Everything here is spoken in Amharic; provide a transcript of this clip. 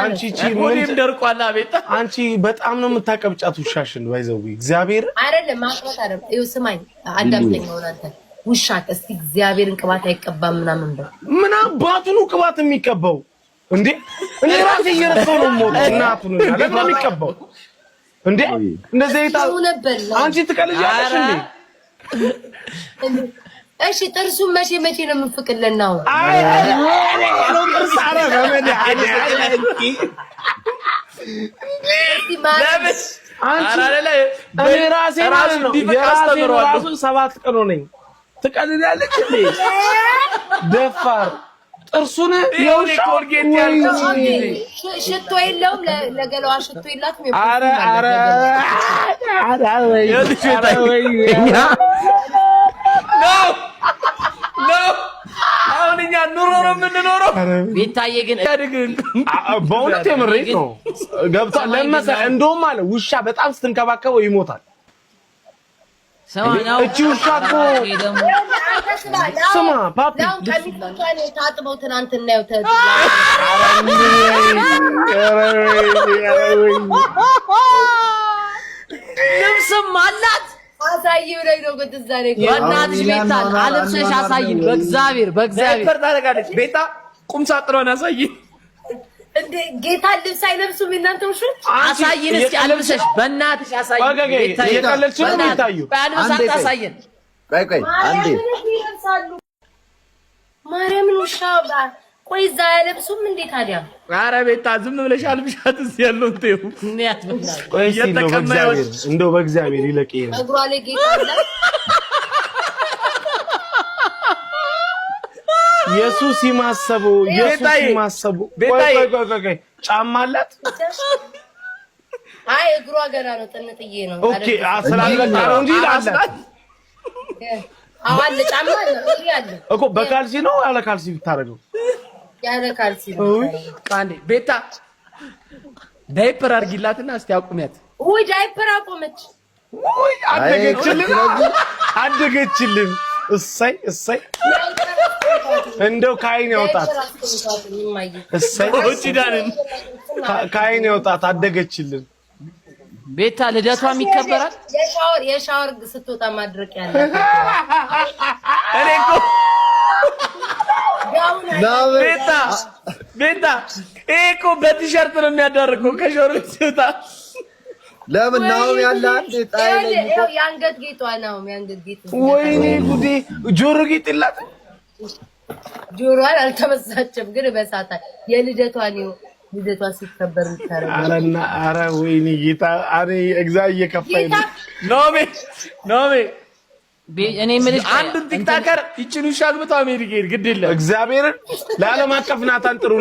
አንቺ ቺ ምንም ደርቋላ ቤታ አንቺ በጣም ነው የምታቀብጫት ውሻሽን ባይዘው እግዚአብሔር አይደለም ማቅባት አይደለም እዩ ስማኝ አዳምጠኝ አንተ ውሻ እስቲ እግዚአብሔርን ቅባት አይቀባም ምናምን በል ምን አባቱ ቅባት የሚቀባው እንዴ እኔ ራሴ እየረሳሁ ነው ሞት እናቱ ነው አይደል የሚቀባው እንዴ እንደዚህ አይታ አንቺ ትቀልጃለሽ እንዴ እሺ ጥርሱን መቼ መቼ ነው የምንፍቅልን ነው? አይ ጥርስ አረፈ። እኔ ራሴ ራሱ ሰባት ቀኑ ነኝ። ትቀልዳለች እንዴ? ደፋር ጥርሱን ሽቶ የለውም ለገለዋ ሽቶ የላትም። ቤታዬ ግን በእውነት የምሬት ነው ለመሰ እንደውም አለ ውሻ በጣም ስትንከባከበው ይሞታል። እቺ ውሻ እኮ ስማ ፓፒ ልብስም አላት። አሳይ ብለኝ ነው በእግዚአብሔር በእግዚአብሔር ቁም ሳጥኗን አሳይን። ጌታ ልብስ አይለብሱም እናንተ ውሾች? አሳይን እስኪ አልብሰሽ፣ በእናትሽ አሳይን። እየቀለድሽ ነው የሚታዩ። ቆይ ቆይ አንዴ ማርያምን ውሻ ቆይ እዛ እንዴ ታዲያ? ቤታ ዝም ብለሽ አልብሻት። እዚህ ያለው እንትን እየተቀመጠ እንደው በእግዚአብሔር ይለቅ ይሄ ኢየሱስ ይማሰቡ ኢየሱስ ይማሰቡ። ቤታይ ጫማ አላት። አይ እግሯ ገና ነው፣ ጥንጥዬ ነው። ኦኬ አስላለቃ ነው እንጂ አላት። አዋል ጫማ አለ እኮ በካልሲ ነው ያለ ካልሲ ብታረገው ያለ ካልሲ ነው። አንዴ ቤታ ዳይፐር አድርጊላትና እስቲ አቁሚያት። ውይ ዳይፐር አቆመች። ውይ አደገችልን፣ አደገችልን። እሰይ እሰይ እንደው ከአይን ያውጣት፣ ከአይን ያውጣት። አደገችልን ቤታ። ልደቷም ይከበራል። የሻወር ስትወጣ ማድረቅ ያለ እኔ ቤታ ቤታ፣ ይሄ እኮ በቲሸርት ነው የሚያዳርገው ከሾር ስትወጣ ለምን ናውም ያለ አንድ ጣይ ነው። የአንገት ጌጧ ነው። የአንገት ጌጥ ወይኔ ጉዴ! ጆሮ ጌጥ የላትም። ጆሮዋን አልተመሳቸም፣ ግን በሳታል የልደቷን ልደቷ ሲከበር ይታረጋል። አረ ወይኔ ጌታ አረ እግዚአ እየከፋኝ ነው። ኖሜ ኖሜ እኔ የምልሽ ቲክታከር ግድ የለም እግዚአብሔርን ለዓለም አቀፍ ናታን ጥሩ